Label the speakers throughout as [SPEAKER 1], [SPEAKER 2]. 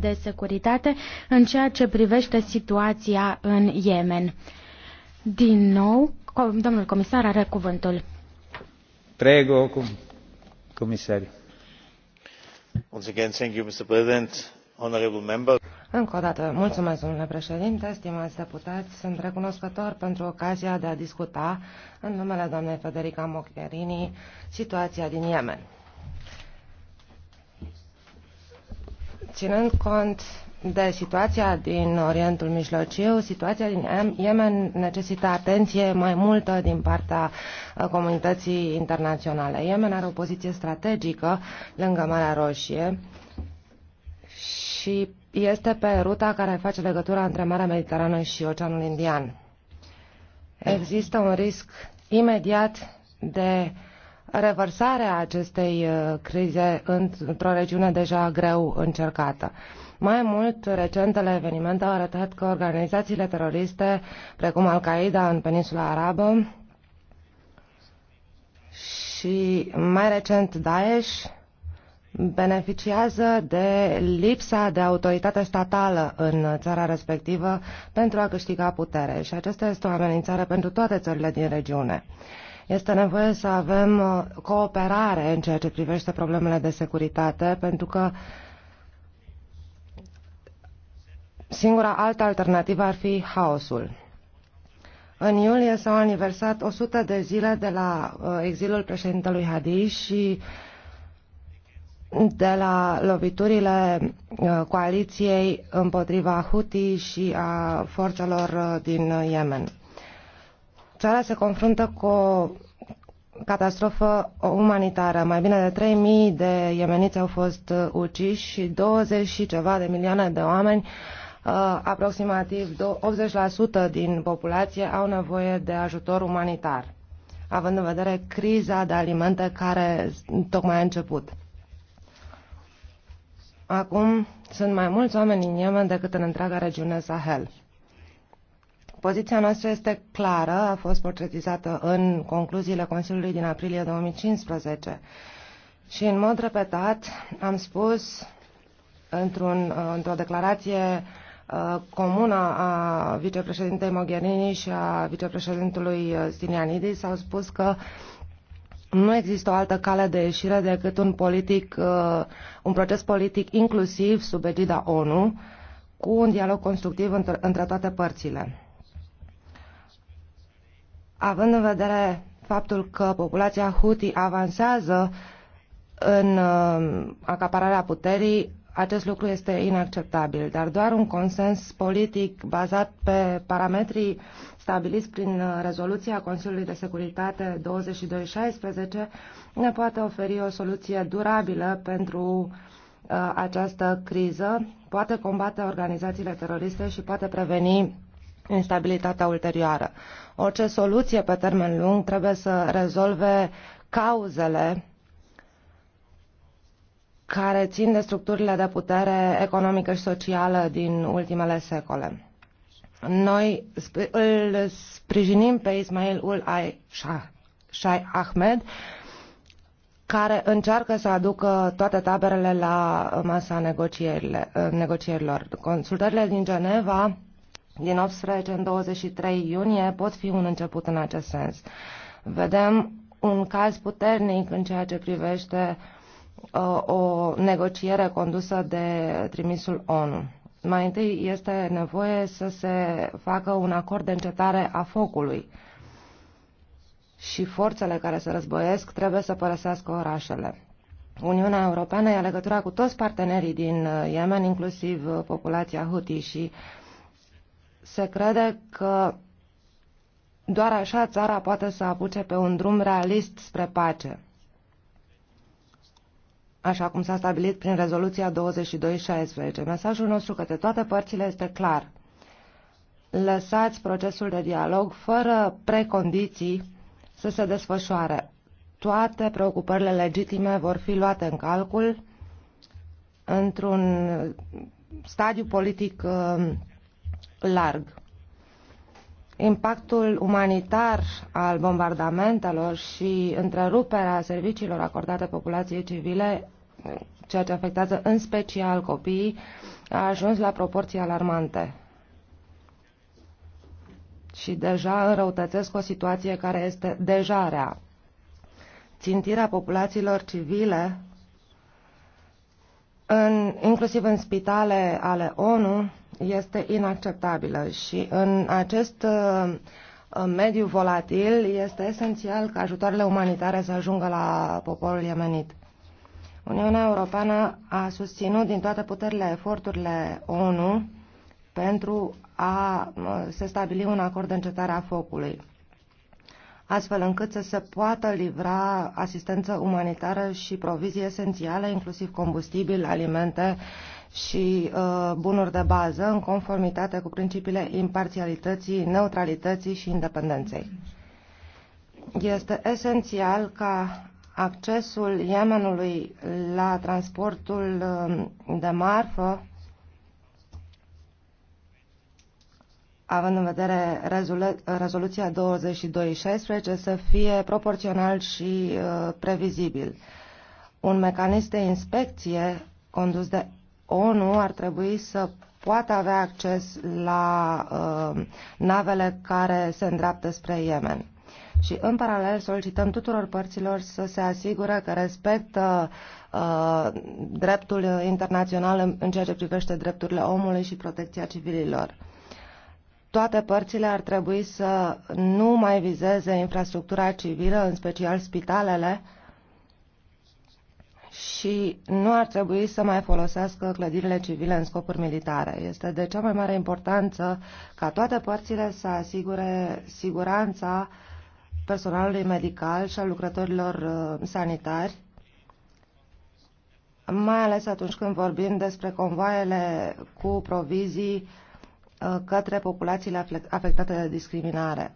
[SPEAKER 1] de securitate în ceea ce privește situația în Yemen. Din nou, domnul comisar are cuvântul. Prego, com
[SPEAKER 2] comisar. Once again, thank you, Mr. President. Honorable member. Încă o dată, mulțumesc, domnule președinte, stimați deputați, sunt recunoscător pentru ocazia de a discuta, în numele doamnei Federica Mogherini, situația din Yemen. ținând cont de situația din Orientul Mijlociu, situația din Yemen necesită atenție mai multă din partea uh, comunității internaționale. Yemen are o poziție strategică lângă Marea Roșie și este pe ruta care face legătura între Marea Mediterană și Oceanul Indian. Există un risc imediat de reversarea acestei uh, crize într-o regiune deja greu încercată. Mai mult, recentele evenimente au arătat că organizațiile teroriste, precum Al-Qaeda în peninsula arabă și mai recent Daesh, beneficiază de lipsa de autoritate statală în țara respectivă pentru a câștiga putere și aceasta este o amenințare pentru toate țările din regiune. Este nevoie să avem uh, cooperare în ceea ce privește problemele de securitate, pentru că singura altă alternativă ar fi haosul. În iulie s-au aniversat 100 de zile de la uh, exilul președintelui Hadi și de la loviturile uh, coaliției împotriva Houthi și a forțelor din Yemen. Țara se confruntă cu o catastrofă umanitară. Mai bine de 3.000 de iemeniți au fost uh, uciși și 20 și ceva de milioane de oameni, uh, aproximativ 80% din populație, au nevoie de ajutor umanitar, având în vedere criza de alimente care tocmai a început. Acum sunt mai mulți oameni în Yemen decât în întreaga regiune Sahel. Poziția noastră este clară, a fost portretizată în concluziile Consiliului din aprilie 2015 și în mod repetat am spus într-un, uh, într-o declarație uh, comună a vicepreședintei Mogherini și a vicepreședintelui uh, Stinianidis s-au spus că nu există o altă cale de ieșire decât un, politic, un proces politic inclusiv sub egida ONU cu un dialog constructiv între, între toate părțile. Având în vedere faptul că populația Houthi avansează în uh, acapararea puterii, acest lucru este inacceptabil, dar doar un consens politic bazat pe parametrii stabiliți prin uh, rezoluția Consiliului de Securitate 2216 ne poate oferi o soluție durabilă pentru uh, această criză, poate combate organizațiile teroriste și poate preveni instabilitatea ulterioară. Orice soluție pe termen lung trebuie să rezolve cauzele care țin de structurile de putere economică și socială din ultimele secole. Noi îl sprijinim pe Ismail ul Shai Ahmed, care încearcă să aducă toate taberele la masa negocierilor. Consultările din Geneva din 18 în 23 iunie pot fi un început în acest sens. Vedem un caz puternic în ceea ce privește uh, o negociere condusă de trimisul ONU. Mai întâi este nevoie să se facă un acord de încetare a focului și forțele care se războiesc trebuie să părăsească orașele. Uniunea Europeană ia legătura cu toți partenerii din uh, Yemen, inclusiv uh, populația Houthi și uh, se crede că doar așa țara poate să apuce pe un drum realist spre pace, așa cum s-a stabilit prin rezoluția 2216. Mesajul nostru către toate părțile este clar. Lăsați procesul de dialog fără precondiții să se desfășoare. Toate preocupările legitime vor fi luate în calcul într-un stadiu politic uh, larg. Impactul umanitar al bombardamentelor și întreruperea serviciilor acordate populației civile, ceea ce afectează în special copiii, a ajuns la proporții alarmante și deja înrăutățesc o situație care este deja rea. Țintirea populațiilor civile, în, inclusiv în spitale ale ONU, este inacceptabilă și în acest uh, uh, mediu volatil este esențial ca ajutoarele umanitare să ajungă la poporul iemenit. Uniunea Europeană a susținut din toate puterile eforturile ONU pentru a uh, se stabili un acord de încetare a focului, astfel încât să se poată livra asistență umanitară și provizii esențiale, inclusiv combustibil, alimente și uh, bunuri de bază în conformitate cu principiile imparțialității, neutralității și independenței. Este esențial ca accesul Yemenului la transportul um, de marfă, având în vedere rezolu rezoluția 2216, să fie proporțional și uh, previzibil. Un mecanism de inspecție condus de ONU ar trebui să poată avea acces la uh, navele care se îndreaptă spre Yemen. Și în paralel solicităm tuturor părților să se asigure că respectă uh, dreptul internațional în, în ceea ce privește drepturile omului și protecția civililor toate părțile ar trebui să nu mai vizeze infrastructura civilă, în special spitalele, și nu ar trebui să mai folosească clădirile civile în scopuri militare. Este de cea mai mare importanță ca toate părțile să asigure siguranța personalului medical și a lucrătorilor uh, sanitari, mai ales atunci când vorbim despre convoaiele cu provizii uh, către populațiile afectate de discriminare.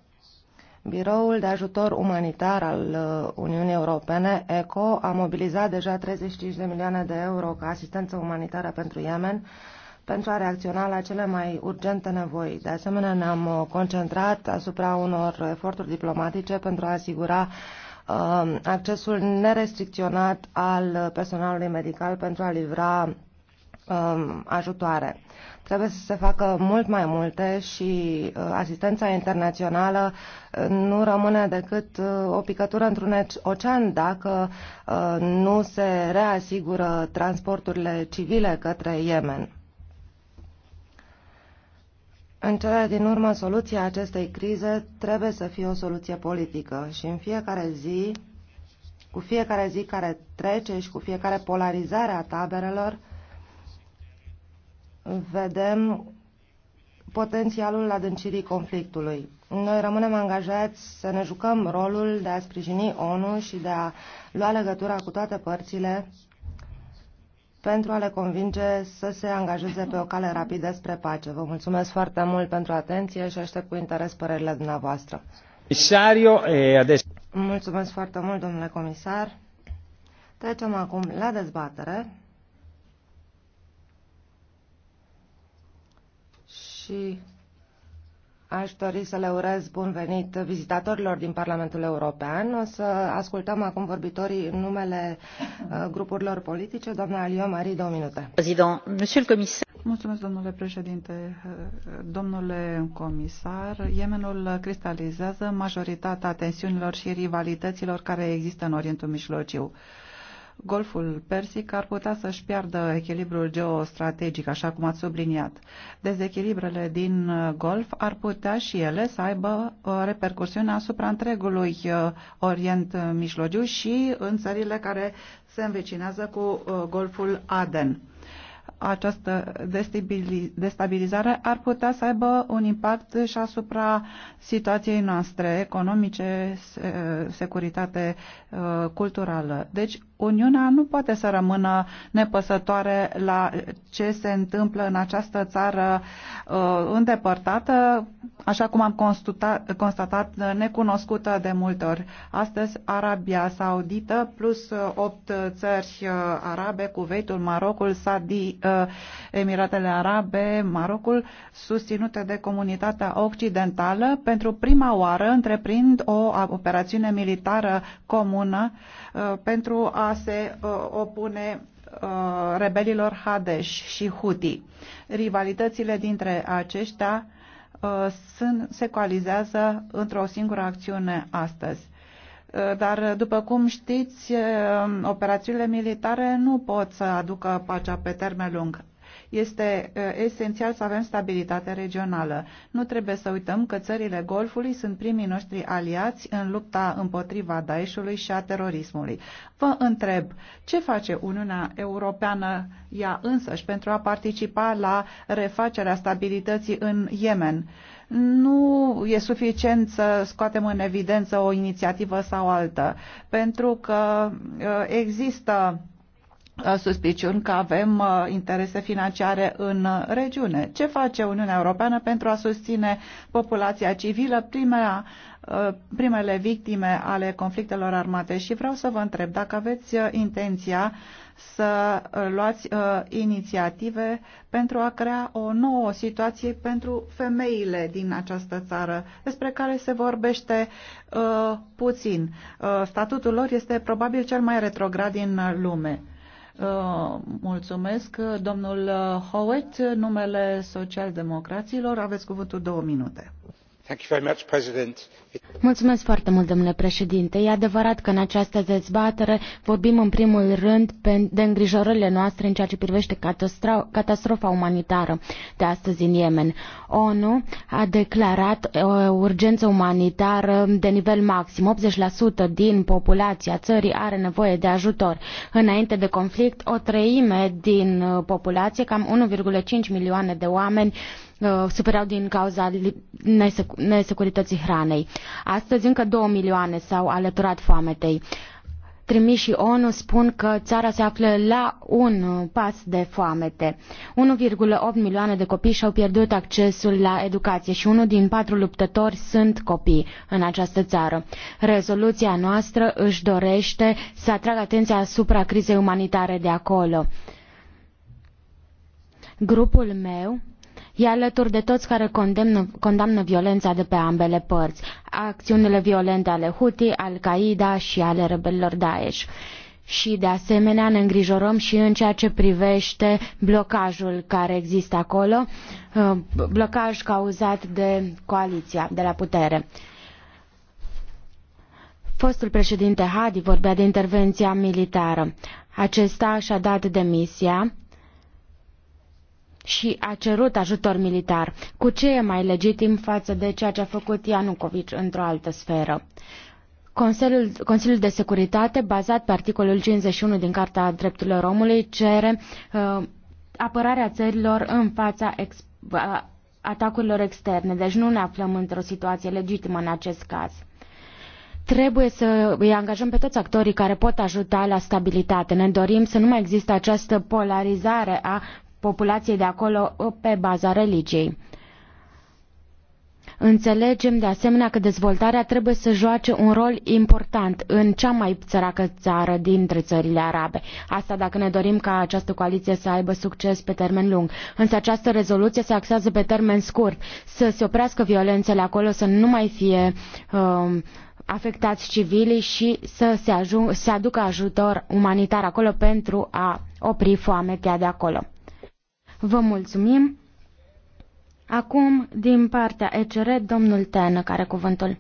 [SPEAKER 2] Biroul de ajutor umanitar al uh, Uniunii Europene, ECO, a mobilizat deja 35 de milioane de euro ca asistență umanitară pentru Yemen pentru a reacționa la cele mai urgente nevoi. De asemenea, ne-am uh, concentrat asupra unor eforturi diplomatice pentru a asigura uh, accesul nerestricționat al uh, personalului medical pentru a livra uh, ajutoare. Trebuie să se facă mult mai multe și uh, asistența internațională uh, nu rămâne decât uh, o picătură într-un ocean dacă nu se reasigură transporturile civile către Yemen. În cele din urmă, soluția acestei crize trebuie să fie o soluție politică și în fiecare zi, cu fiecare zi care trece și cu fiecare polarizare a taberelor, vedem potențialul adâncirii conflictului. Noi rămânem angajați să ne jucăm rolul de a sprijini ONU și de a lua legătura cu toate părțile pentru a le convinge să se angajeze pe o cale rapidă spre pace. Vă mulțumesc foarte mult pentru atenție și aștept cu interes părerile dumneavoastră. Mulțumesc foarte mult, domnule comisar. Trecem acum la dezbatere. și aș dori să le urez bun venit vizitatorilor din Parlamentul European. O să ascultăm acum vorbitorii în
[SPEAKER 3] numele uh, grupurilor politice. Doamna Alio Marie, două minute. Mulțumesc, domnule președinte. Domnule comisar, Yemenul cristalizează majoritatea tensiunilor și rivalităților care există în Orientul Mijlociu. Golful Persic ar putea să-și piardă echilibrul geostrategic, așa cum ați subliniat. Dezechilibrele din uh, Golf ar putea și ele să aibă uh, repercursiune asupra întregului uh, Orient Mijlociu și în țările care se învecinează cu Golful Aden această destabilizare ar putea să aibă un impact și asupra situației noastre economice, securitate culturală. Deci Uniunea nu poate să rămână nepăsătoare la ce se întâmplă în această țară uh, îndepărtată, așa cum am constatat, constatat necunoscută de multe ori. Astăzi, Arabia Saudită plus uh, opt țări uh, arabe, Cuveitul, Marocul, Sadi, Emiratele Arabe, Marocul, susținute de comunitatea occidentală, pentru prima oară întreprind o operațiune militară comună uh, Uh, pentru a se uh, opune uh, rebelilor Hades și Huti. Rivalitățile dintre aceștia sunt, se coalizează într-o singură acțiune astăzi. Dar, după cum știți, operațiunile militare nu pot să aducă pacea pe termen lung. Este uh, esențial să avem stabilitate regională. Nu trebuie să uităm că țările Golfului sunt primii noștri aliați în lupta împotriva Daeshului și a terorismului. Vă întreb, ce face Uniunea Europeană ea însăși pentru a participa la refacerea stabilității în Yemen? nu e suficient să scoatem în evidență o inițiativă sau altă, pentru că uh, există Uh, suspiciuni că avem uh, interese financiare în uh, regiune. Ce face Uniunea Europeană pentru a susține populația civilă, primea, primele victime ale conflictelor armate? Și vreau să vă întreb dacă aveți intenția să luați inițiative pentru a crea o nouă situație pentru femeile din această țară, despre care se vorbește puțin. Statutul lor este probabil cel mai retrograd din lume. Uh, mulțumesc, domnul Howitt, numele socialdemocraților. Aveți cuvântul două minute.
[SPEAKER 1] Mulțumesc foarte mult, domnule președinte. E adevărat că în această dezbatere vorbim în primul rând de îngrijorările noastre în ceea ce privește catastrofa umanitară de astăzi în Yemen. ONU a declarat o uh, urgență umanitară de nivel maxim. 80% din populația țării are nevoie de ajutor. Înainte de conflict, o treime din uh, populație, cam 1,5 milioane de oameni, Uh, sufereau din cauza nesecurității hranei. Astăzi încă 2 milioane s-au alăturat foametei. Trimișii ONU spun că țara se află la un uh, pas de foamete. 1,8 milioane de copii și-au pierdut accesul la educație și unul din patru luptători sunt copii în această țară. Rezoluția noastră își dorește să atragă atenția asupra crizei umanitare de acolo. Grupul meu E alături de toți care condemnă, condamnă violența de pe ambele părți, acțiunile violente ale Houthi, Al-Qaeda și ale rebelilor Daesh. Și de asemenea ne îngrijorăm și în ceea ce privește blocajul care există acolo, uh, blocaj cauzat de coaliția de la putere. Fostul președinte Hadi vorbea de intervenția militară. Acesta și-a dat demisia și a cerut ajutor militar. Cu ce e mai legitim față de ceea ce a făcut Ianucovici într-o altă sferă? Consiliul, Consiliul de Securitate, bazat pe articolul 51 din Carta Drepturilor Omului, cere uh, apărarea țărilor în fața ex, uh, atacurilor externe, deci nu ne aflăm într-o situație legitimă în acest caz trebuie să îi angajăm pe toți actorii care pot ajuta la stabilitate. Ne dorim să nu mai existe această polarizare a populației de acolo uh, pe baza religiei. Înțelegem de asemenea că dezvoltarea trebuie să joace un rol important în cea mai țăracă țară dintre țările arabe. Asta dacă ne dorim ca această coaliție să aibă succes pe termen lung. Însă această rezoluție se axează pe termen scurt, să se oprească violențele acolo, să nu mai fie um, afectați civilii și să se, ajung, să aducă ajutor umanitar acolo pentru a opri foametea de acolo. Vă mulțumim. Acum, din partea ECR, domnul Tenă, care cuvântul.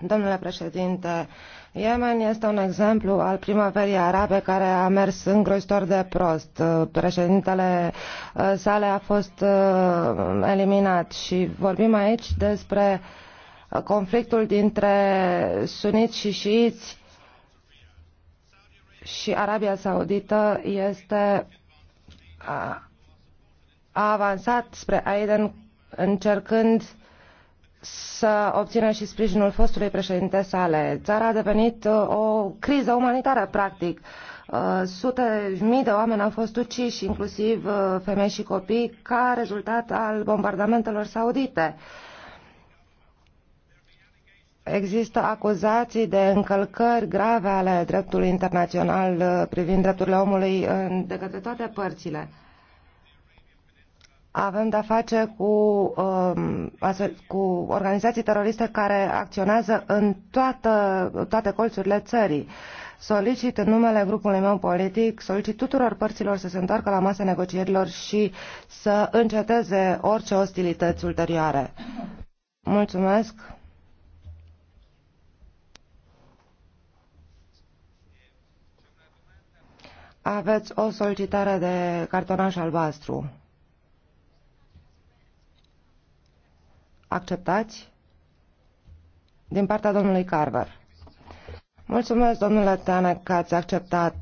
[SPEAKER 2] Domnule președinte, Yemen este un exemplu al primăverii arabe care a mers îngrozitor de prost. Președintele uh, sale a fost uh, eliminat și vorbim aici despre uh, conflictul dintre suniți și șiiți și Arabia Saudită este a avansat spre Aden încercând să obțină și sprijinul fostului președinte sale. Țara a devenit uh, o criză umanitară, practic. Uh, sute mii de oameni au fost uciși, inclusiv uh, femei și copii, ca rezultat al bombardamentelor saudite. Există acuzații de încălcări grave ale dreptului internațional privind drepturile omului de către toate părțile avem de-a face cu, um, cu organizații teroriste care acționează în toată, toate colțurile țării. Solicit în numele grupului meu politic, solicit tuturor părților să se întoarcă la masa negocierilor și să înceteze orice ostilități ulterioare. Mulțumesc! Aveți o solicitare de cartonaș albastru. Acceptați? Din partea domnului Carver. Mulțumesc, domnule Tane, că ați acceptat.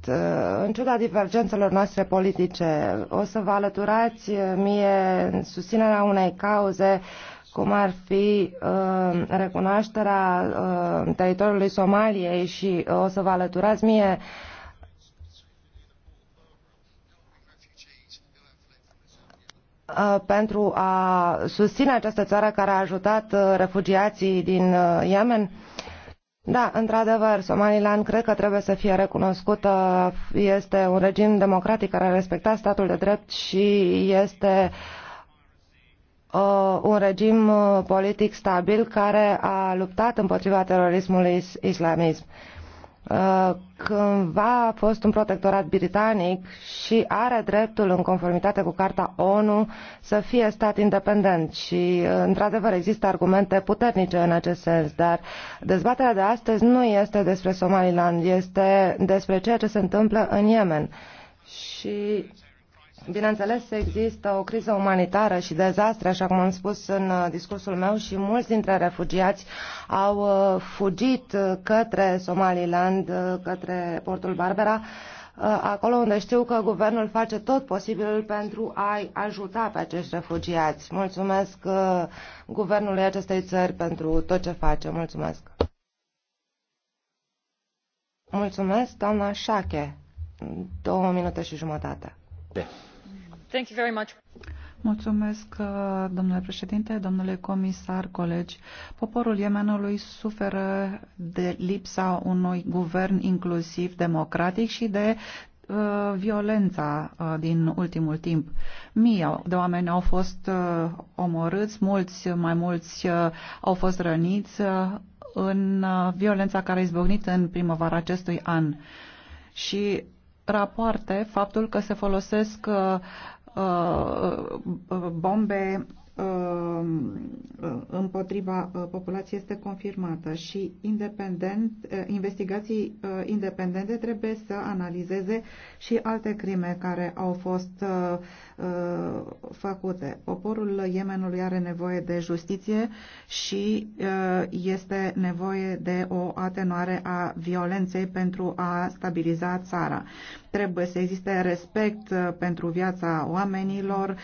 [SPEAKER 2] În ciuda divergențelor noastre politice, o să vă alăturați mie în susținerea unei cauze cum ar fi uh, recunoașterea uh, teritoriului Somaliei și uh, o să vă alăturați mie uh, Uh, pentru a susține această țară care a ajutat uh, refugiații din uh, Yemen? Da, într-adevăr, Somaliland cred că trebuie să fie recunoscută. Este un regim democratic care a respectat statul de drept și este uh, un regim politic stabil care a luptat împotriva terorismului islamism. Uh, Uh, cândva a fost un protectorat britanic și are dreptul, în conformitate cu Carta ONU, să fie stat independent. Și, uh, într-adevăr, există argumente puternice în acest sens, dar dezbaterea de astăzi nu este despre Somaliland, este despre ceea ce se întâmplă în Yemen. Și Bineînțeles, există o criză umanitară și dezastre, așa cum am spus în uh, discursul meu, și mulți dintre refugiați au uh, fugit uh, către Somaliland, către portul Barbera, acolo unde știu că guvernul face tot posibilul pentru a-i ajuta pe acești refugiați. Mulțumesc guvernului acestei țări pentru tot ce face. Mulțumesc. Mulțumesc, doamna Șache. Două minute și jumătate. Yeah.
[SPEAKER 3] Mulțumesc, uh, domnule președinte, domnule comisar, colegi. Poporul Yemenului suferă de lipsa unui guvern inclusiv democratic și de uh, violența uh, din ultimul timp. Mii de oameni au fost omorâți, mulți mai mulți au fost răniți în violența care a izbucnit în primăvara acestui an. Și rapoarte faptul că se folosesc Uh, uh, bombe Um, uh, împotriva uh, populației este confirmată și independent, uh, investigații independente trebuie să analizeze și alte crime care au fost făcute. Poporul Yemenului are nevoie de justiție și este nevoie de o atenuare a violenței pentru a stabiliza țara. Trebuie să existe respect pentru viața oamenilor,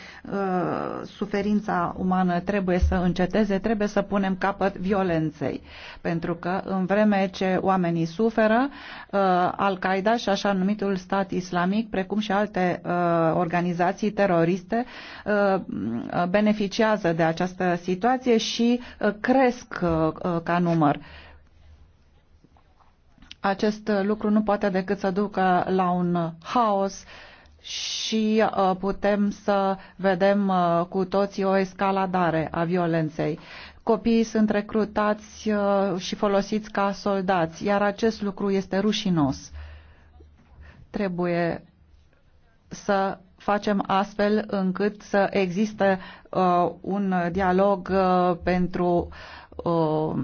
[SPEAKER 3] suferința umană trebuie să înceteze, trebuie să punem capăt violenței. Pentru că în vreme ce oamenii suferă, uh, Al-Qaeda și așa numitul stat islamic, precum și alte uh, organizații teroriste, uh, beneficiază de această situație și cresc ca număr acest lucru nu poate decât să ducă la un haos și uh, putem să vedem uh, cu toții o escaladare a violenței. Copiii sunt recrutați uh, și folosiți ca soldați, iar acest lucru este rușinos. Trebuie să facem astfel încât să existe uh, un dialog uh, pentru uh,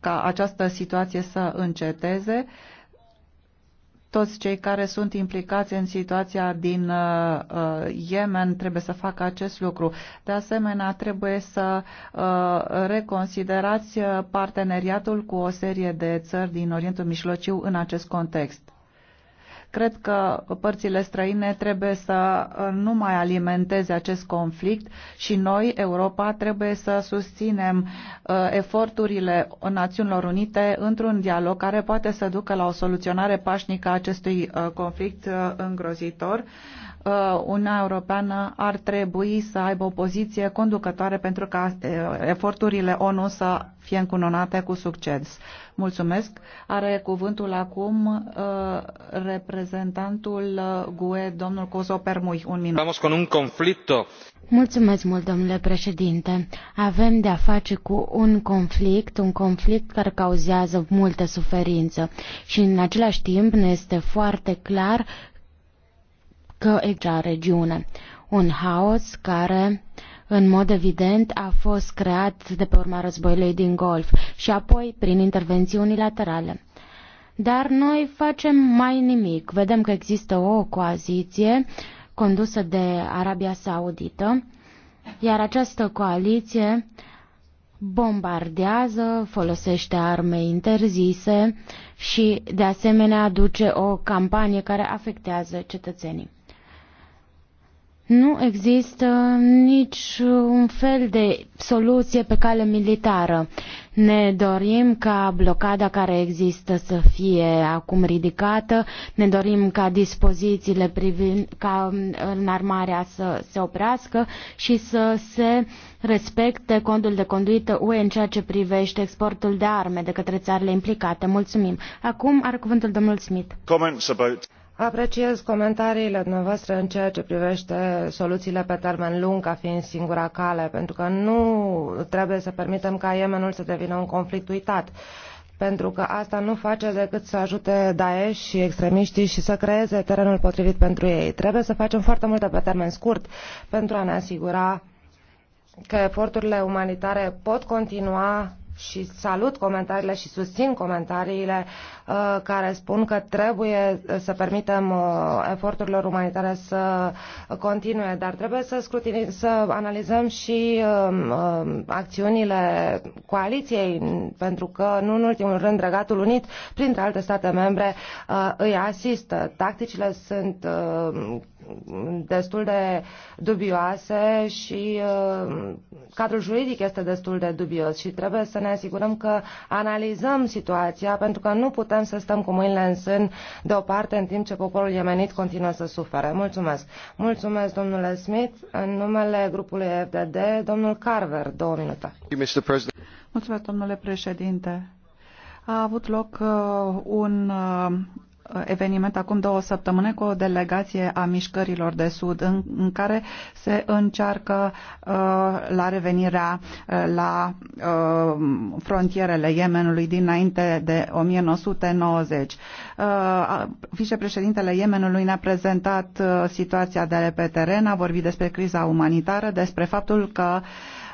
[SPEAKER 3] ca această situație să înceteze. Uh, toți cei care sunt implicați în situația din uh, uh, Yemen trebuie să facă acest lucru. De asemenea, trebuie să uh, reconsiderați uh, parteneriatul cu o serie de țări din Orientul Mijlociu în acest context. Cred că părțile străine trebuie să uh, nu mai alimenteze acest conflict și noi, Europa, trebuie să susținem uh, eforturile Națiunilor Unite într-un dialog care poate să ducă la o soluționare pașnică a acestui uh, conflict îngrozitor Uniunea Europeană ar trebui să aibă o poziție conducătoare pentru ca eforturile ONU să fie încununate cu succes. Mulțumesc. Are cuvântul acum reprezentantul GUE, domnul Cozo Permui. Un minut. Vamos
[SPEAKER 2] con un conflicto.
[SPEAKER 1] Mulțumesc mult, domnule președinte. Avem de-a face cu un conflict, un conflict care cauzează multă suferință și în același timp ne este foarte clar că acea regiune. Un haos care în mod evident, a fost creat de pe urma războiului din Golf și apoi prin intervenții unilaterale. Dar noi facem mai nimic. Vedem că există o coaliție condusă de Arabia Saudită, iar această coaliție bombardează, folosește arme interzise și, de asemenea, aduce o campanie care afectează cetățenii. Nu există nici un fel de soluție pe cale militară. Ne dorim ca blocada care există să fie acum ridicată, ne dorim ca dispozițiile privind ca înarmarea să se oprească și să se respecte condul de conduită UE în ceea ce privește exportul de arme de către țările implicate. Mulțumim. Acum are cuvântul domnul Smith. Apreciez comentariile dumneavoastră în ceea ce
[SPEAKER 2] privește soluțiile pe termen lung ca fiind singura cale, pentru că nu trebuie să permitem ca Yemenul să devină un conflict uitat pentru că asta nu face decât să ajute Daesh și extremiștii și să creeze terenul potrivit pentru ei. Trebuie să facem foarte multe pe termen scurt pentru a ne asigura că eforturile umanitare pot continua și salut comentariile și susțin comentariile uh, care spun că trebuie uh, să permitem uh, eforturilor umanitare să continue, dar trebuie să, să analizăm și uh, acțiunile coaliției, pentru că, nu în ultimul rând, Regatul Unit, printre alte state membre, uh, îi asistă. Tacticile sunt uh, destul de dubioase și uh, cadrul juridic este destul de dubios și trebuie să ne asigurăm că analizăm situația pentru că nu putem să stăm cu mâinile în sân deoparte în timp ce poporul iemenit continuă să sufere. Mulțumesc! Mulțumesc, domnule Smith. În numele grupului FDD, domnul Carver, două minute.
[SPEAKER 3] Mulțumesc, domnule președinte. A avut loc uh, un uh, Uh, eveniment acum două săptămâni cu o delegație a mișcărilor de sud în, în care se încearcă uh, la revenirea uh, la uh, frontierele Yemenului dinainte de 1990. Uh, vicepreședintele Yemenului ne-a prezentat uh, situația de pe teren, a vorbit despre criza umanitară, despre faptul că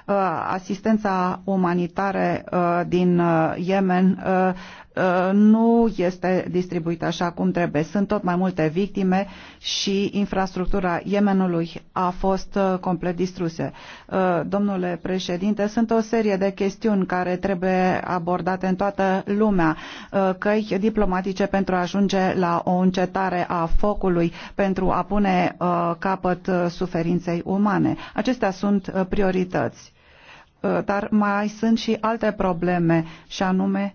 [SPEAKER 3] uh, asistența umanitară uh, din uh, Yemen uh, Uh, nu este distribuită așa cum trebuie. Sunt tot mai multe victime și infrastructura Yemenului a fost uh, complet distruse. Uh, domnule președinte, sunt o serie de chestiuni care trebuie abordate în toată lumea. Căi diplomatice pentru a ajunge la o încetare a focului, pentru a pune capăt suferinței umane. Acestea sunt priorități. Dar mai sunt și alte probleme, și anume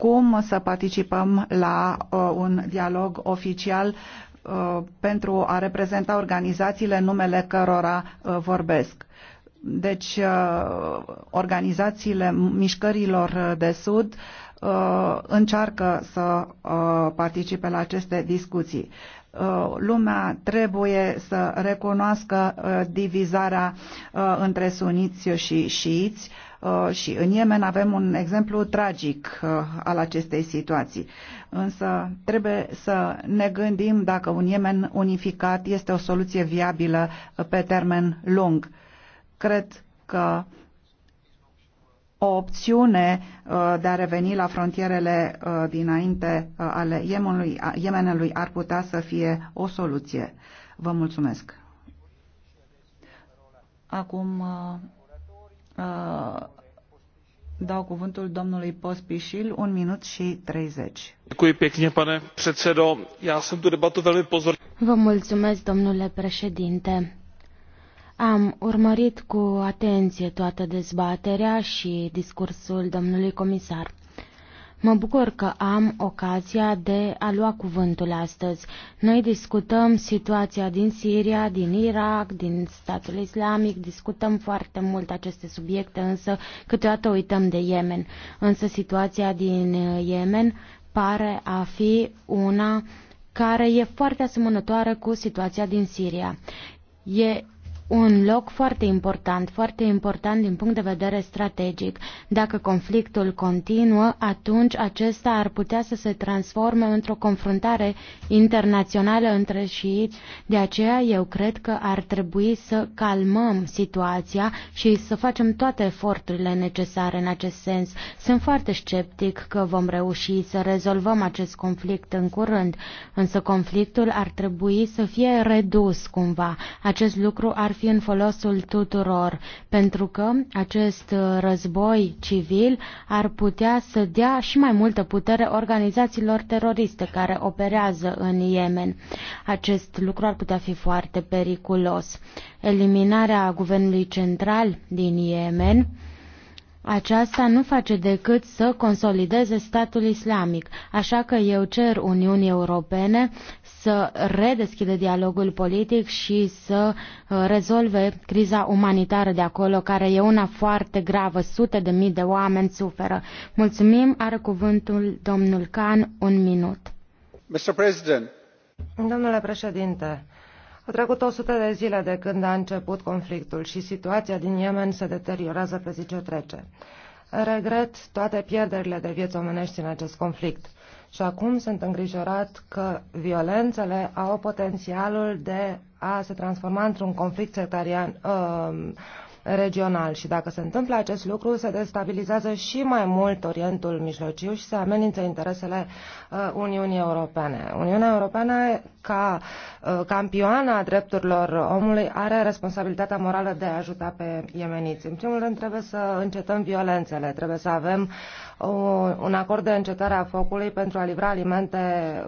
[SPEAKER 3] cum să participăm la uh, un dialog oficial uh, pentru a reprezenta organizațiile numele cărora uh, vorbesc. Deci, organizațiile mișcărilor de Sud încearcă să participe la aceste discuții. Lumea trebuie să recunoască divizarea între suniți și șiiți, Uh, și în Yemen avem un exemplu tragic uh, al acestei situații. Însă trebuie să ne gândim dacă un Yemen unificat este o soluție viabilă uh, pe termen lung. Cred că o opțiune de a reveni la frontierele dinainte ale Yemenului, Yemenului ar putea să fie o soluție. Vă mulțumesc. Acum Uh, dau cuvântul domnului Pospișil, un minut și 30. pane předsedo. Já jsem tu debatu velmi pozorně.
[SPEAKER 1] Vă mulțumesc, domnule președinte. Am urmărit cu atenție toată dezbaterea și discursul domnului comisar. Mă bucur că am ocazia de a lua cuvântul astăzi. Noi discutăm situația din Siria, din Irak, din statul islamic, discutăm foarte mult aceste subiecte, însă câteodată uităm de Yemen. Însă situația din uh, Yemen pare a fi una care e foarte asemănătoare cu situația din Siria. E un loc foarte important, foarte important din punct de vedere strategic. Dacă conflictul continuă, atunci acesta ar putea să se transforme într-o confruntare internațională între șiiți. De aceea eu cred că ar trebui să calmăm situația și să facem toate eforturile necesare în acest sens. Sunt foarte sceptic că vom reuși să rezolvăm acest conflict în curând, însă conflictul ar trebui să fie redus cumva. Acest lucru ar fi în folosul tuturor, pentru că acest uh, război civil ar putea să dea și mai multă putere organizațiilor teroriste care operează în Yemen. Acest lucru ar putea fi foarte periculos. Eliminarea guvernului central din Yemen aceasta nu face decât să consolideze statul islamic, așa că eu cer Uniunii Europene să redeschidă dialogul politic și să uh, rezolve criza umanitară de acolo, care e una foarte gravă. Sute de mii de oameni suferă. Mulțumim. Are cuvântul domnul Khan. Un minut. Mr. President.
[SPEAKER 2] Domnule președinte, au trecut 100 de zile de când a început conflictul și situația din Yemen se deteriorează pe zi ce trece. Regret toate pierderile de vieți omenești în acest conflict și acum sunt îngrijorat că violențele au potențialul de a se transforma într-un conflict sectarian uh, regional și dacă se întâmplă acest lucru, se destabilizează și mai mult Orientul Mijlociu și se amenință interesele uh, Uniunii Europene. Uniunea Europeană, ca Uh, campioană a drepturilor omului are responsabilitatea morală de a ajuta pe iemeniți. În primul rând trebuie să încetăm violențele, trebuie să avem un acord de încetare a focului pentru a livra alimente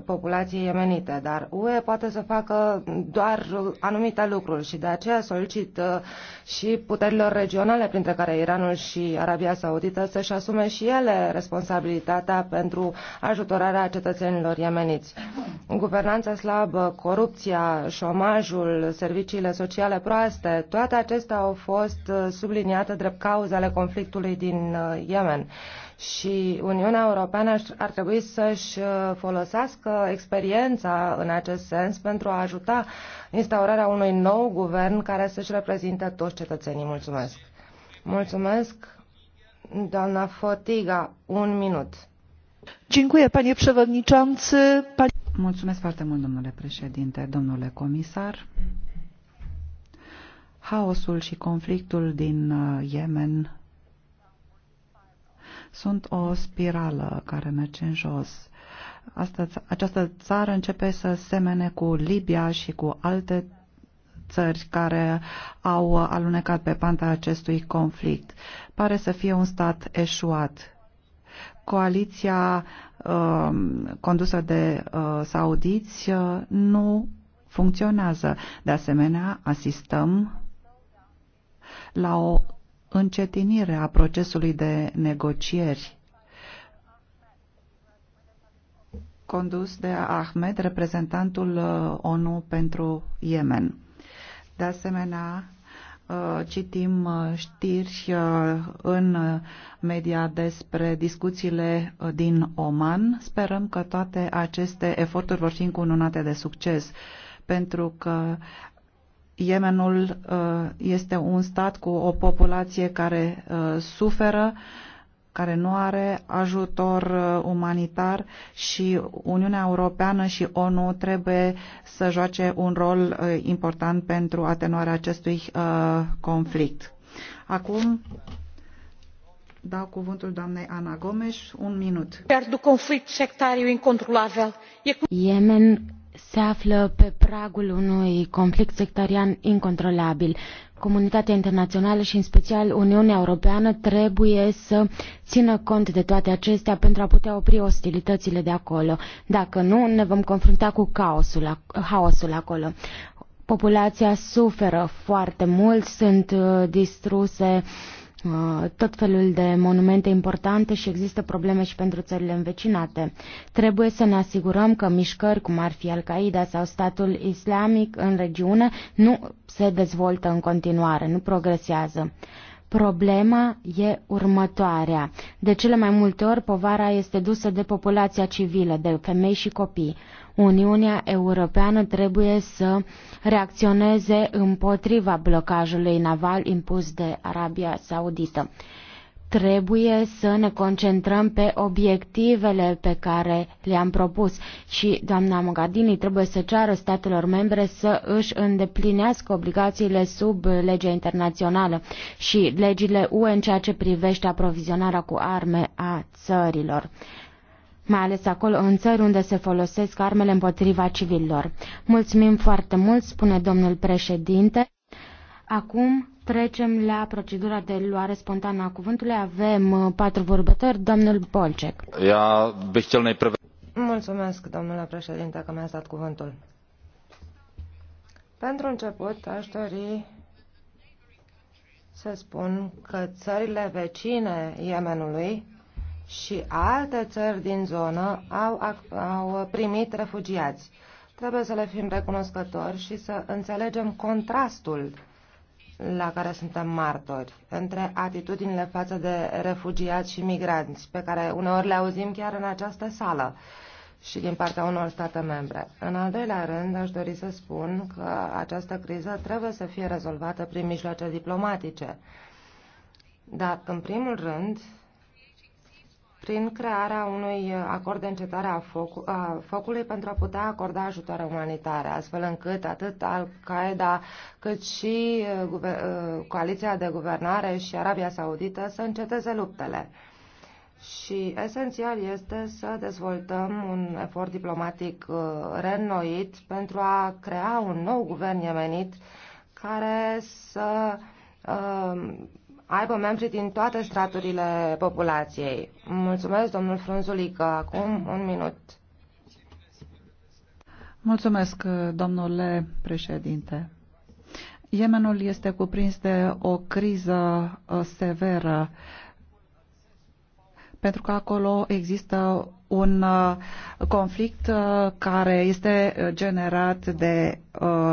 [SPEAKER 2] populației iemenite, dar UE poate să facă doar anumite lucruri și de aceea solicit uh, și puterilor regionale, printre care Iranul și Arabia Saudită, să-și asume și ele responsabilitatea pentru ajutorarea cetățenilor iemeniți. Guvernanța slabă, corupție, corupția, șomajul, serviciile sociale proaste, toate acestea au fost uh, subliniate drept cauza ale conflictului din uh, Yemen. Și Uniunea Europeană ar trebui să-și uh, folosească experiența în acest sens pentru a ajuta instaurarea unui nou guvern care să-și reprezinte toți cetățenii. Mulțumesc! Mulțumesc, doamna Fotiga, un minut.
[SPEAKER 3] Dziękuję, panie przewodniczący. Pani... Mulțumesc foarte mult, domnule președinte, domnule comisar. Haosul și conflictul din uh, Yemen sunt o spirală care merge în jos. Asta, această țară începe să semene cu Libia și cu alte țări care au uh, alunecat pe panta acestui conflict. Pare să fie un stat eșuat coaliția uh, condusă de uh, saudiți uh, nu funcționează. De asemenea, asistăm la o încetinire a procesului de negocieri condus de Ahmed, reprezentantul uh, ONU pentru Yemen. De asemenea, Uh, citim uh, știri uh, în media despre discuțiile din Oman. Sperăm că toate aceste eforturi vor fi încununate de succes, pentru că Yemenul este un stat cu o populație care suferă care nu are ajutor uh, umanitar și Uniunea Europeană și ONU trebuie să joace un rol uh, important pentru atenuarea acestui uh, conflict. Acum
[SPEAKER 1] dau cuvântul doamnei Ana Gomes, un minut. Pierdu conflict sectariu incontrolabil. Yemen se află pe pragul unui conflict sectarian incontrolabil. Comunitatea internațională și în special Uniunea Europeană trebuie să țină cont de toate acestea pentru a putea opri ostilitățile de acolo. Dacă nu, ne vom confrunta cu caosul, haosul acolo. Populația suferă foarte mult, sunt uh, distruse uh, Uh, tot felul de monumente importante și există probleme și pentru țările învecinate. Trebuie să ne asigurăm că mișcări cum ar fi Al-Qaeda sau statul islamic în regiune nu se dezvoltă în continuare, nu progresează. Problema e următoarea. De cele mai multe ori povara este dusă de populația civilă, de femei și copii. Uniunea Europeană trebuie să reacționeze împotriva blocajului naval impus de Arabia Saudită. Trebuie să ne concentrăm pe obiectivele pe care le-am propus și doamna Mogadini trebuie să ceară statelor membre să își îndeplinească obligațiile sub legea internațională și legile UE în ceea ce privește aprovizionarea cu arme a țărilor mai ales acolo în țări unde se folosesc armele împotriva civililor. Mulțumim foarte mult, spune domnul președinte. Acum trecem la procedura de luare spontană a cuvântului. Avem uh, patru vorbători. Domnul Bolcec.
[SPEAKER 3] Ia, Bechtel ne
[SPEAKER 1] Mulțumesc,
[SPEAKER 2] domnule președinte, că mi-a dat cuvântul. Pentru început, aș dori să spun că țările vecine Iemenului și alte țări din zonă au, au primit refugiați. Trebuie să le fim recunoscători și să înțelegem contrastul la care suntem martori între atitudinile față de refugiați și migranți, pe care uneori le auzim chiar în această sală și din partea unor state membre. În al doilea rând, aș dori să spun că această criză trebuie să fie rezolvată prin mijloace diplomatice. Dar, în primul rând, prin crearea unui uh, acord de încetare a, foc, a focului pentru a putea acorda ajutoare umanitare, astfel încât atât Al-Qaeda cât și uh, uh, coaliția de guvernare și Arabia Saudită să înceteze luptele. Și esențial este să dezvoltăm un efort diplomatic reînnoit pentru a crea un nou guvern iemenit care să aibă membri din toate straturile populației. Mulțumesc, domnul Frunzulică. Acum un minut.
[SPEAKER 3] Mulțumesc, domnule președinte. Yemenul este cuprins de o criză uh, severă pentru că acolo există un uh, conflict uh, care este uh, generat de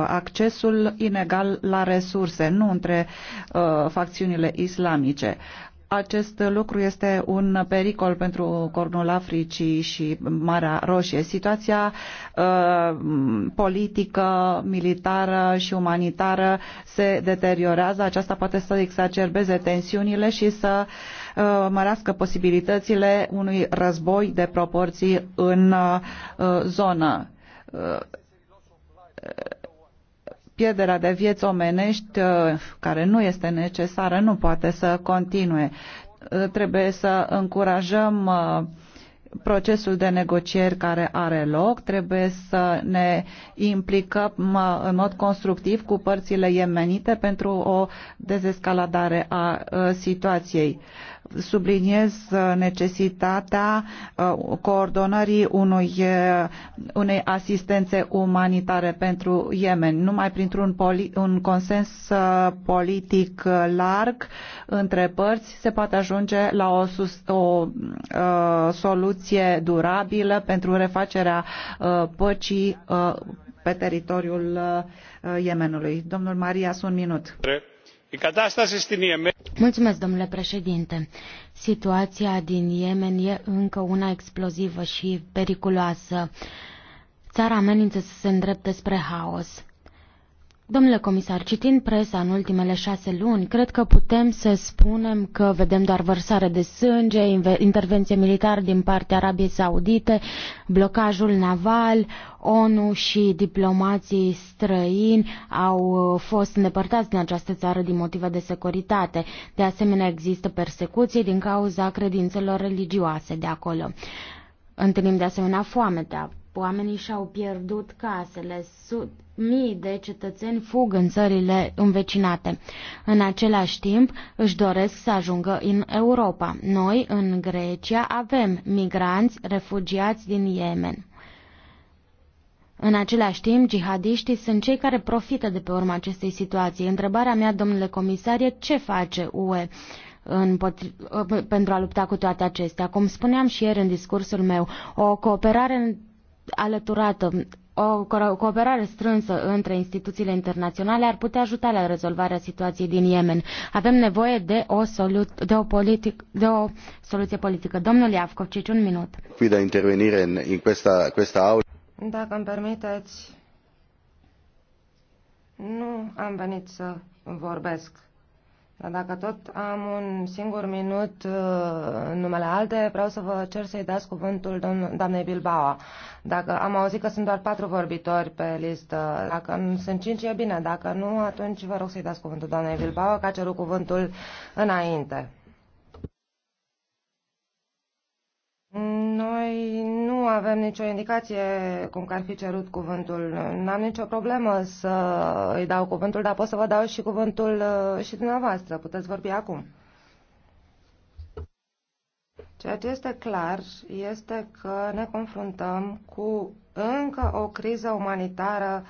[SPEAKER 3] accesul inegal la resurse, nu între facțiunile islamice. Acest lucru este un pericol pentru Cornul Africii și Marea Roșie. Situația uh, politică, militară și umanitară se deteriorează. Aceasta poate să exacerbeze tensiunile și să uh, Uh, mărească posibilitățile unui război de proporții în uh, zonă uh, pierderea de vieți omenești, care nu este necesară, nu poate să continue. Trebuie să încurajăm procesul de negocieri care are loc, trebuie să ne implicăm în mod constructiv cu părțile iemenite pentru o dezescaladare a situației subliniez uh, necesitatea uh, coordonării unui, uh, unei asistențe umanitare pentru Yemen, numai printr-un un consens politic larg între părți se poate ajunge la o, sus, o o soluție durabilă pentru refacerea păcii pe teritoriul Yemenului. Domnul
[SPEAKER 1] Maria, un minut. Mulțumesc, domnule președinte. Situația din Yemen e încă una explozivă și periculoasă. Țara amenință să se îndrepte spre haos. Domnule comisar, citind presa în ultimele șase luni, cred că putem să spunem că vedem doar vărsare de sânge, intervenție militară din partea Arabiei Saudite, blocajul naval, ONU și diplomații străini au uh, fost îndepărtați din această țară din motive de securitate. De asemenea, există persecuții din cauza credințelor religioase de acolo. Întâlnim de asemenea foamea. Oamenii și-au pierdut casele. Sud mii de cetățeni fug în țările învecinate. În același timp, își doresc să ajungă în Europa. Noi, în Grecia, avem migranți refugiați din Yemen. În același timp, jihadiștii sunt cei care profită de pe urma acestei situații. Întrebarea mea, domnule comisar, e ce face UE pentru a lupta cu toate acestea? Cum spuneam și ieri în discursul meu, o cooperare alăturată o cooperare strânsă între instituțiile internaționale ar putea ajuta la rezolvarea situației din Yemen. Avem nevoie de o, solu- de o, politic- de o soluție politică. Domnul ceci un minut.
[SPEAKER 3] Fui da intervenire în, în questa, questa aula.
[SPEAKER 1] Dacă îmi permiteți, nu am
[SPEAKER 2] venit să vorbesc. Dar dacă tot am un singur minut uh, în numele alte, vreau să vă cer să-i dați cuvântul doamnei Bilbao. Dacă am auzit că sunt doar patru vorbitori pe listă, dacă sunt cinci e bine, dacă nu, atunci vă rog să-i dați cuvântul doamnei Bilbao, că a cerut cuvântul înainte. Noi nu avem nicio indicație cum că ar fi cerut cuvântul. N-am nicio problemă să îi dau cuvântul, dar pot să vă dau și cuvântul uh, și dumneavoastră. Puteți vorbi acum. Ceea ce este clar este că ne confruntăm cu încă o criză umanitară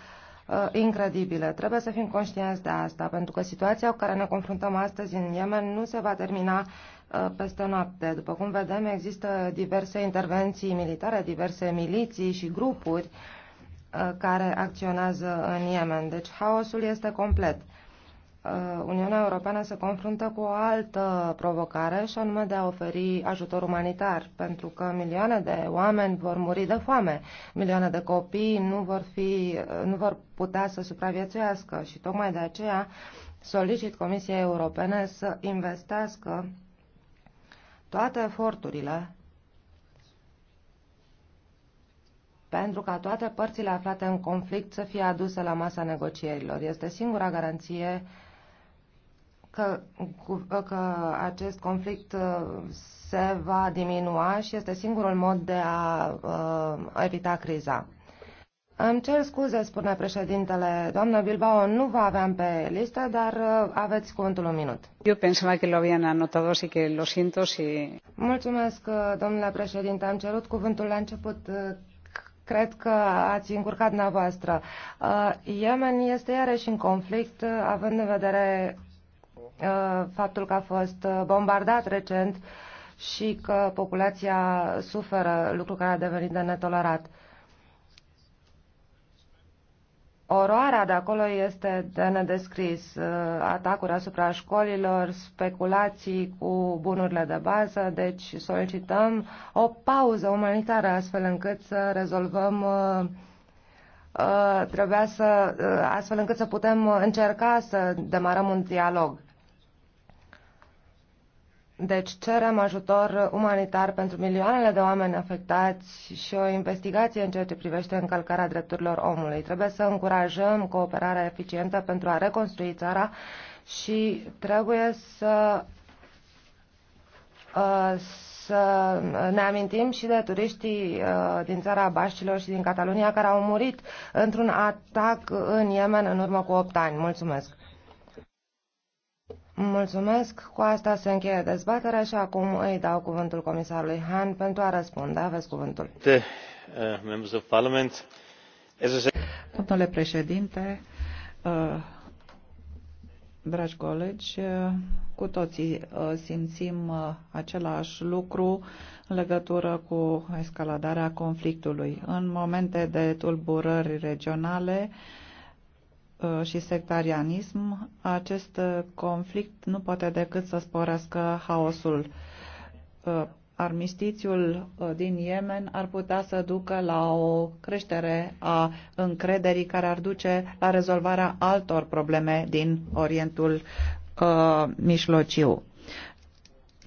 [SPEAKER 2] uh, incredibilă. Trebuie să fim conștienți de asta, pentru că situația cu care ne confruntăm astăzi în Yemen nu se va termina Uh, peste noapte. După cum vedem, există diverse intervenții militare, diverse miliții și grupuri uh, care acționează în Yemen. Deci haosul este complet. Uh, Uniunea Europeană se confruntă cu o altă provocare și anume de a oferi ajutor umanitar, pentru că milioane de oameni vor muri de foame, milioane de copii nu vor, fi, nu vor putea să supraviețuiască și tocmai de aceea solicit Comisiei Europene să investească toate eforturile pentru ca toate părțile aflate în conflict să fie aduse la masa negocierilor. Este singura garanție că, că acest conflict uh, se va diminua și este singurul mod de a uh, evita criza. Îmi cer scuze, spune președintele. Doamna Bilbao, nu vă aveam pe listă, dar uh, aveți cuvântul un minut. Eu pensaba că lo habían anotado, así que lo siento si... Mulțumesc, uh, domnule președinte. Am cerut cuvântul la început uh, cred că ați încurcat dumneavoastră. Uh, Yemen este iarăși în conflict, având în vedere faptul că a fost bombardat recent și că populația suferă, lucru care a devenit de netolerat. Oroarea de acolo este de nedescris. Uh, atacuri asupra școlilor, speculații cu bunurile de bază, deci solicităm o pauză umanitară astfel încât să rezolvăm uh, uh, trebuia să, astfel încât să putem încerca să demarăm un dialog. Deci cerem ajutor umanitar pentru milioanele de oameni afectați și o investigație în ceea ce privește încălcarea drepturilor omului. Trebuie să încurajăm cooperarea eficientă pentru a reconstrui țara și trebuie să, uh, să ne amintim și de turiștii uh, din țara Baștilor și din Catalunia care au murit într-un atac în Yemen în urmă cu 8 ani. Mulțumesc! Mulțumesc. Cu asta se încheie dezbaterea și acum îi dau cuvântul comisarului Hahn pentru a răspunde. Aveți cuvântul.
[SPEAKER 1] Uh,
[SPEAKER 3] Domnule președinte, uh, dragi colegi, uh, cu toții simțim același lucru în legătură cu escaladarea conflictului. În momente de tulburări regionale, Uh, și sectarianism, acest conflict nu poate decât să sporească haosul. Uh, armistițiul uh, din Yemen ar putea să ducă la o creștere a încrederii care ar duce la rezolvarea altor probleme din Orientul uh, Mișlociu.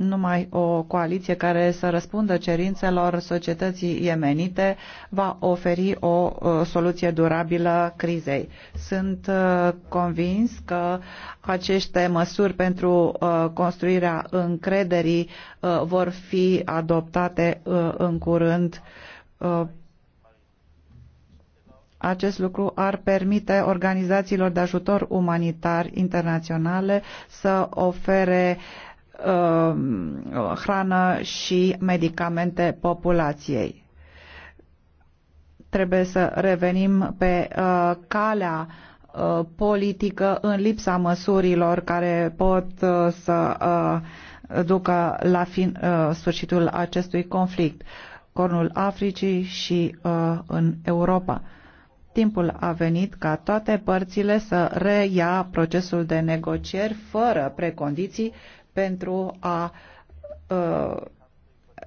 [SPEAKER 3] Numai o coaliție care să răspundă cerințelor societății iemenite va oferi o uh, soluție durabilă crizei. Sunt uh, convins că aceste măsuri pentru uh, construirea încrederii vor fi adoptate în curând acest lucru ar permite organizațiilor de ajutor umanitar internaționale să ofere Um, hrană și medicamente populației. Trebuie să revenim pe uh, calea uh, politică în lipsa măsurilor care pot uh, să ducă la fin, sfârșitul acestui conflict, cornul Africii și în Europa. Timpul a venit ca toate părțile să reia procesul de negocieri fără precondiții pentru a ă,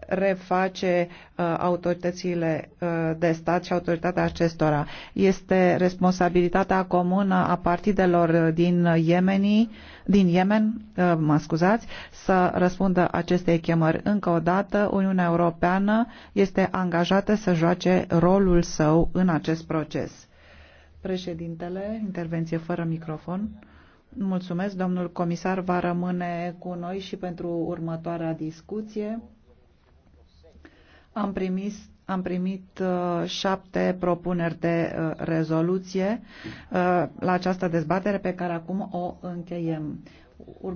[SPEAKER 3] reface ă, autoritățile ă, de stat și autoritatea acestora. Este responsabilitatea comună a partidelor din, Yemeni, din Yemen mă scuzați, să răspundă acestei chemări. Încă o dată, Uniunea Europeană este angajată să joace rolul său în acest proces. Președintele, intervenție fără microfon. Mulțumesc, domnul comisar va rămâne cu noi și pentru următoarea discuție. Am, primis, am primit uh, șapte propuneri de uh, rezoluție uh, la această dezbatere pe care acum o încheiem. Urm